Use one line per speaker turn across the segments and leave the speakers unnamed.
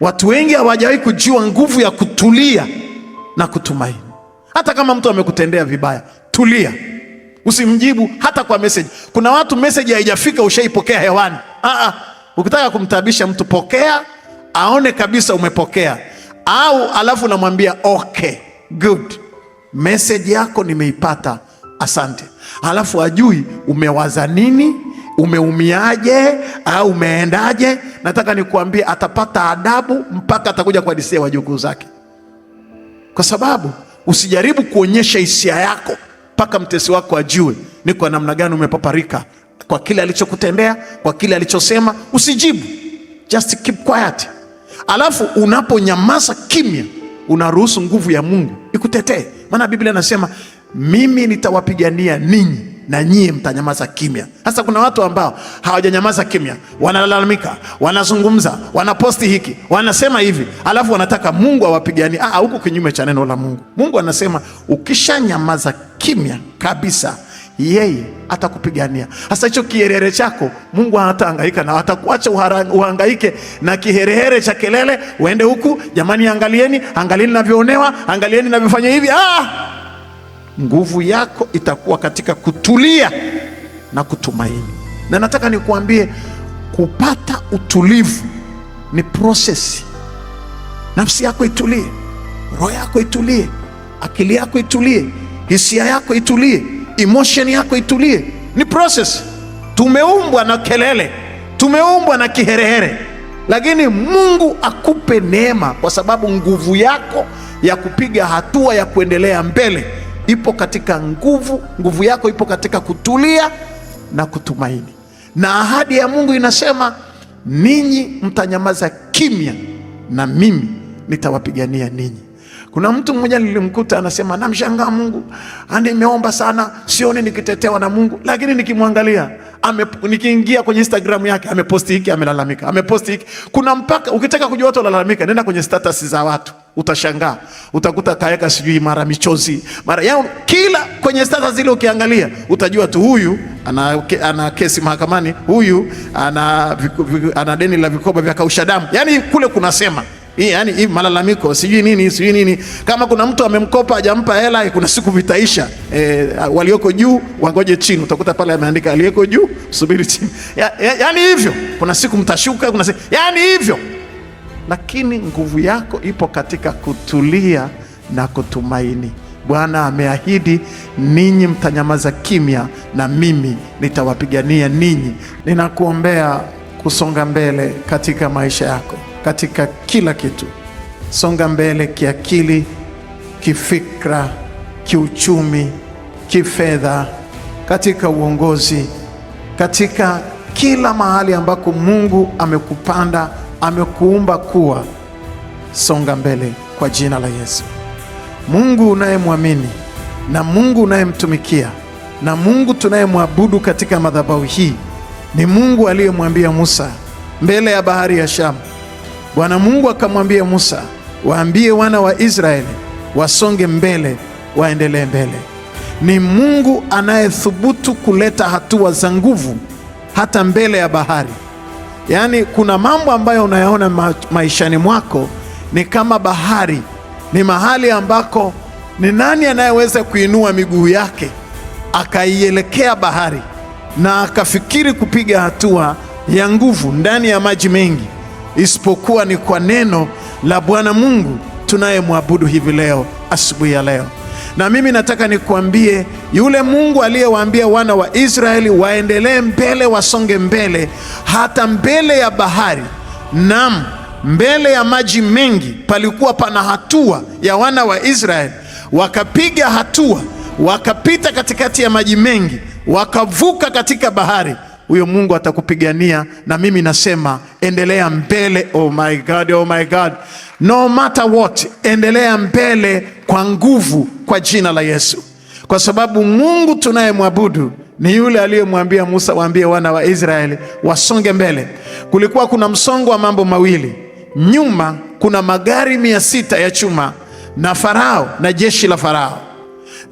Watu wengi hawajawahi kujua nguvu ya kutulia na kutumaini. Hata kama mtu amekutendea vibaya, tulia, usimjibu hata kwa meseji. Kuna watu meseji haijafika ushaipokea hewani. Aa, ah, ah. ukitaka kumtaabisha mtu pokea, aone kabisa umepokea, au alafu unamwambia okay, good, meseji yako nimeipata, asante, alafu ajui umewaza nini umeumiaje au umeendaje? Nataka nikuambie atapata adabu mpaka atakuja kuhadisia wajukuu zake, kwa sababu usijaribu kuonyesha hisia yako mpaka mtesi wako ajue ni kwa namna gani umepaparika kwa kile alichokutendea, kwa kile alichosema. Usijibu, just keep quiet. Alafu unaponyamaza kimya, unaruhusu nguvu ya Mungu ikutetee, maana Biblia inasema mimi nitawapigania ninyi na nyie mtanyamaza kimya. Sasa kuna watu ambao hawajanyamaza kimya, wanalalamika, wanazungumza, wanaposti hiki, wanasema hivi, alafu wanataka Mungu awapiganie. Ah, ah huko kinyume cha neno la Mungu. Mungu anasema ukishanyamaza kimya kabisa yeye atakupigania. Sasa hicho kiherehere chako Mungu hataangaika na atakuacha uhangaike na kiherehere cha kelele, uende huku, jamani, angalieni, angalieni navyoonewa, angalieni navyofanya hivi ah! nguvu yako itakuwa katika kutulia na kutumaini. Na nataka nikuambie, kupata utulivu ni prosesi. Nafsi yako itulie, roho yako itulie, akili yako itulie, hisia yako itulie, emotion yako itulie, ni prosesi. Tumeumbwa na kelele, tumeumbwa na kiherehere, lakini Mungu akupe neema, kwa sababu nguvu yako ya kupiga hatua ya kuendelea mbele ipo katika nguvu, nguvu yako ipo katika kutulia na kutumaini. Na ahadi ya Mungu inasema, ninyi mtanyamaza kimya na mimi nitawapigania ninyi. Kuna mtu mmoja nilimkuta anasema, namshangaa Mungu, nimeomba sana, sioni nikitetewa na Mungu, lakini nikimwangalia nikiingia kwenye Instagram yake ameposti hiki, amelalamika, ameposti hiki. Kuna mpaka ukitaka kujua watu walalamika, nenda kwenye status za watu utashangaa, utakuta kaweka sijui mara michozi mara yao, yaani kila kwenye status zile ukiangalia utajua tu huyu ana, ana kesi mahakamani, huyu ana, ana deni la vikoba vya kausha damu, yani kule kunasema hii, yani hii malalamiko sijui nini sijui nini. Kama kuna mtu amemkopa hajampa hela, kuna siku vitaisha. E, walioko juu wangoje chini, utakuta pale ameandika aliyeko juu subiri chini ya, ya, yani hivyo, kuna siku mtashuka, kuna siku, yani hivyo. Lakini nguvu yako ipo katika kutulia na kutumaini. Bwana ameahidi, ninyi mtanyamaza kimya na mimi nitawapigania ninyi. Ninakuombea kusonga mbele katika maisha yako katika kila kitu. Songa mbele kiakili, kifikra, kiuchumi, kifedha, katika uongozi, katika kila mahali ambako Mungu amekupanda, amekuumba kuwa. Songa mbele kwa jina la Yesu. Mungu unayemwamini na Mungu unayemtumikia na Mungu tunayemwabudu katika madhabahu hii ni Mungu aliyemwambia Musa mbele ya bahari ya Shamu Bwana Mungu akamwambia Musa, waambie wana wa Israeli wasonge mbele, waendelee mbele. Ni Mungu anayethubutu kuleta hatua za nguvu hata mbele ya bahari. Yaani, kuna mambo ambayo unayaona ma maishani mwako ni kama bahari, ni mahali ambako ni nani anayeweza kuinua miguu yake akaielekea bahari na akafikiri kupiga hatua ya nguvu ndani ya maji mengi isipokuwa ni kwa neno la Bwana Mungu tunayemwabudu hivi leo asubuhi ya leo. Na mimi nataka nikuambie, yule Mungu aliyewaambia wana wa Israeli waendelee mbele, wasonge mbele hata mbele ya bahari. Naam, mbele ya maji mengi palikuwa pana hatua ya wana wa Israeli, wakapiga hatua, wakapita katikati ya maji mengi, wakavuka katika bahari huyo Mungu atakupigania, na mimi nasema endelea mbele. Oh my God, oh my God, no matter what, endelea mbele kwa nguvu, kwa jina la Yesu, kwa sababu Mungu tunayemwabudu ni yule aliyemwambia Musa, waambie wana wa Israeli wasonge mbele. Kulikuwa kuna msongo wa mambo mawili, nyuma kuna magari mia sita ya chuma na Farao na jeshi la Farao,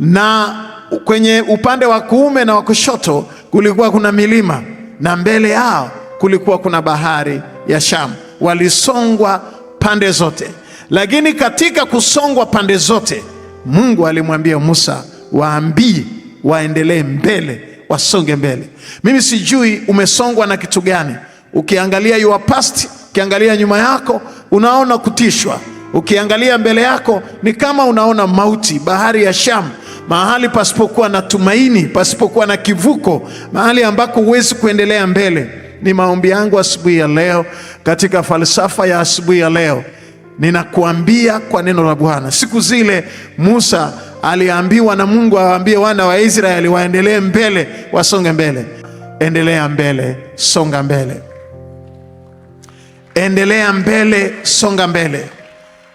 na kwenye upande wa kuume na wa kushoto kulikuwa kuna milima na mbele yao kulikuwa kuna bahari ya Shamu. Walisongwa pande zote, lakini katika kusongwa pande zote Mungu alimwambia Musa, waambie waendelee mbele, wasonge mbele. Mimi sijui umesongwa na kitu gani. Ukiangalia your past, ukiangalia nyuma yako unaona kutishwa, ukiangalia mbele yako ni kama unaona mauti, bahari ya Shamu mahali pasipokuwa na tumaini, pasipokuwa na kivuko, mahali ambako huwezi kuendelea mbele. Ni maombi yangu asubuhi ya leo, katika falsafa ya asubuhi ya leo, ninakuambia kwa neno la Bwana. Siku zile Musa aliambiwa na Mungu awaambie wana wa Israeli waendelee mbele, wasonge mbele. Endelea mbele, songa mbele, endelea mbele, songa mbele.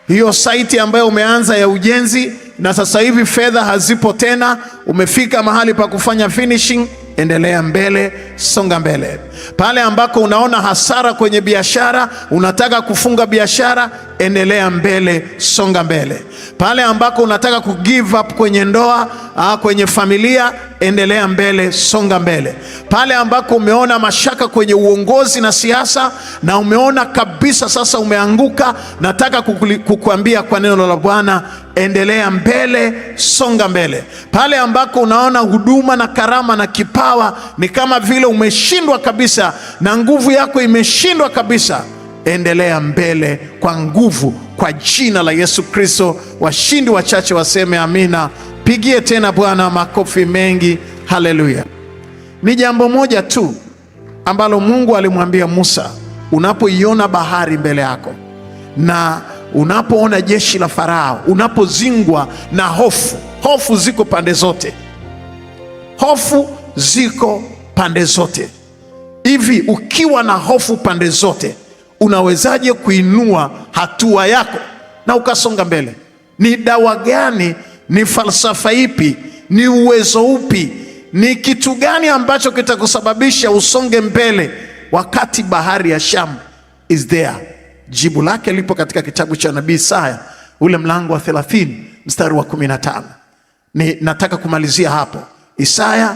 Hiyo saiti ambayo umeanza ya ujenzi na sasa hivi fedha hazipo tena, umefika mahali pa kufanya finishing, endelea mbele, songa mbele. Pale ambako unaona hasara kwenye biashara, unataka kufunga biashara, endelea mbele, songa mbele. Pale ambako unataka ku give up kwenye ndoa, ah, kwenye familia endelea mbele, songa mbele. Pale ambako umeona mashaka kwenye uongozi na siasa na umeona kabisa sasa umeanguka, nataka kukuambia kwa neno la Bwana, endelea mbele, songa mbele. Pale ambako unaona huduma na karama na kipawa ni kama vile umeshindwa kabisa na nguvu yako imeshindwa kabisa, endelea mbele kwa nguvu, kwa jina la Yesu Kristo. Washindi wachache waseme amina. Mpigie tena Bwana makofi mengi, haleluya. Ni jambo moja tu ambalo Mungu alimwambia Musa, unapoiona bahari mbele yako na unapoona jeshi la Farao, unapozingwa na hofu. Hofu ziko pande zote, hofu ziko pande zote. Hivi ukiwa na hofu pande zote, unawezaje kuinua hatua yako na ukasonga mbele? Ni dawa gani ni falsafa ipi? Ni uwezo upi? Ni kitu gani ambacho kitakusababisha usonge mbele wakati bahari ya sham is there? Jibu lake lipo katika kitabu cha nabii Isaya ule mlango wa 30 mstari wa 15. Ni nataka kumalizia hapo. Isaya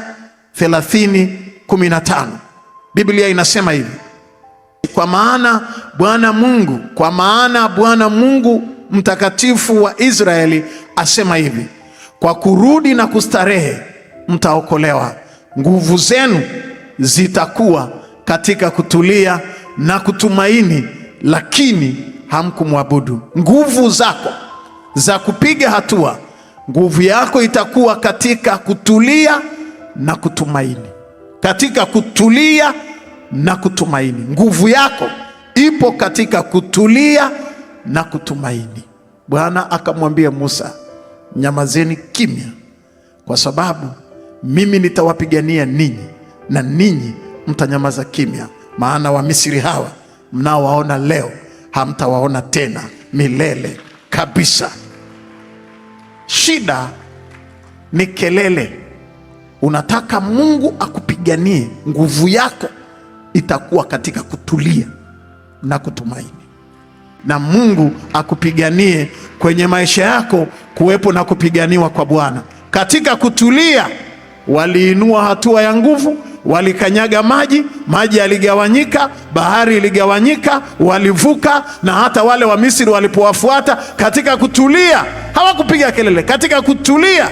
30 15, Biblia inasema hivi: kwa maana Bwana Mungu, kwa maana Bwana Mungu mtakatifu wa Israeli asema hivi, kwa kurudi na kustarehe mtaokolewa, nguvu zenu zitakuwa katika kutulia na kutumaini, lakini hamkumwabudu. Nguvu zako za kupiga hatua, nguvu yako itakuwa katika kutulia na kutumaini, katika kutulia na kutumaini. Nguvu yako ipo katika kutulia na kutumaini. Bwana akamwambia Musa nyamazeni kimya, kwa sababu mimi nitawapigania ninyi na ninyi mtanyamaza kimya, maana Wamisri hawa mnaowaona leo hamtawaona tena milele kabisa. Shida ni kelele. Unataka Mungu akupiganie, nguvu yako itakuwa katika kutulia na kutumaini, na Mungu akupiganie kwenye maisha yako kuwepo na kupiganiwa kwa Bwana. Katika kutulia, waliinua hatua ya nguvu, walikanyaga maji, maji yaligawanyika, bahari iligawanyika, walivuka. Na hata wale wa Misri walipowafuata katika kutulia, hawakupiga kelele. Katika kutulia,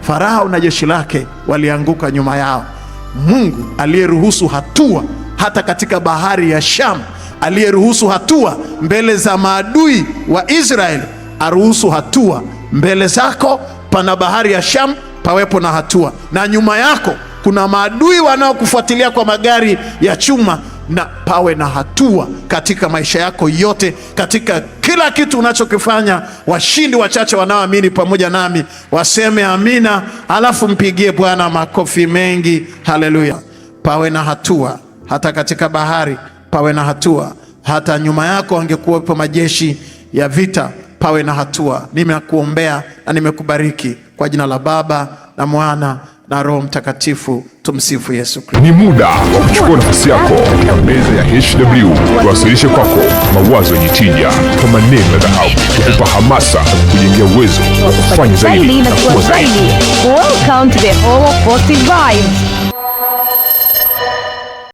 Farao na jeshi lake walianguka nyuma yao. Mungu aliyeruhusu hatua hata katika bahari ya Shamu, aliyeruhusu hatua mbele za maadui wa Israeli aruhusu hatua. Mbele zako pana bahari ya sham pawepo na hatua, na nyuma yako kuna maadui wanaokufuatilia kwa magari ya chuma, na pawe na hatua katika maisha yako yote, katika kila kitu unachokifanya. Washindi wachache wanaoamini pamoja nami waseme amina, alafu mpigie Bwana makofi mengi. Haleluya! Pawe na hatua hata katika bahari, pawe na hatua hata nyuma yako angekuwepo majeshi ya vita pawe na hatua. Nimekuombea na nimekubariki kwa jina la Baba na Mwana na Roho Mtakatifu. Tumsifu Yesu Kristo.
Ni muda wa kuchukua nafasi yako katika meza ya HW, tuwasilishe kwako mawazo yenye tija kwa maneno ya dhahabu, kukupa hamasa na kukujengea uwezo wa kufanya zaidi na kuwa zaidi. Welcome to the Hall of Positive Vibes.